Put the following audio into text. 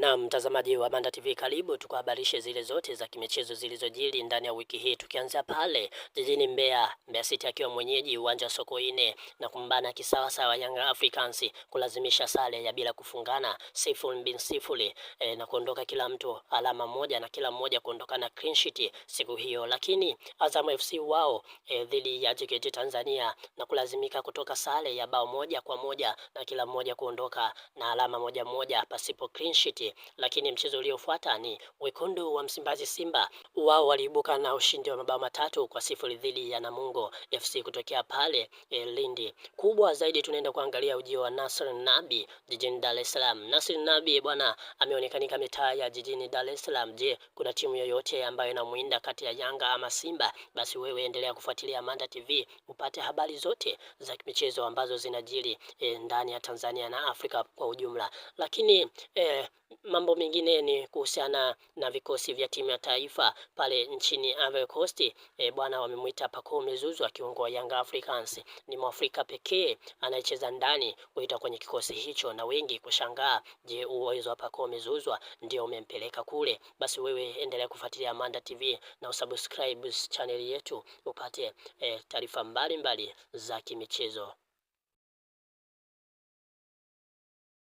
Na mtazamaji wa Manda TV, karibu tukuhabarishe zile zote za kimichezo zilizojiri ndani ya wiki hii, tukianzia pale jijini Mbeya, Mbeya City akiwa mwenyeji uwanja wa Sokoine na kumbana kisawasawa Young Africans kulazimisha sare ya bila kufungana sifuri bin sifuri, e, na kuondoka kila mtu alama moja na kila mmoja kuondoka na clean sheet siku hiyo, lakini Azam FC wao e, dhidi ya JKT Tanzania na kulazimika kutoka sare ya bao moja kwa moja na kila mmoja kuondoka na alama moja moja pasipo clean sheet lakini mchezo uliofuata ni wekundu wa Msimbazi Simba, wao waliibuka na ushindi wa mabao matatu kwa sifuri dhidi ya Namungo FC kutokea pale eh, Lindi. Kubwa zaidi tunaenda kuangalia ujio wa Nasr Nabi jijini Dar es Salaam. Nasr Nabi bwana ameonekanika mitaa ya jijini Dar es Salaam. Je, kuna timu yoyote ambayo inamwinda kati ya Yanga ama Simba? Basi wewe endelea kufuatilia Manda TV upate habari zote za michezo ambazo zinajiri e, ndani ya Tanzania na Afrika kwa ujumla. Lakini e, mambo mengine ni kuhusiana na vikosi vya timu ya taifa pale nchini Ivory Coast. E, bwana wamemwita Paco Mezuzu akiungo wa Young Africans. Ni Mwafrika pekee anayecheza ndani kuita kwenye kikosi hicho, na wengi kushangaa, je, uwezo wa Paco Mezuzu ndio umempeleka kule? Basi wewe endelea kufuatilia manda TV na usubscribe channel yetu upate e, taarifa mbalimbali za kimichezo.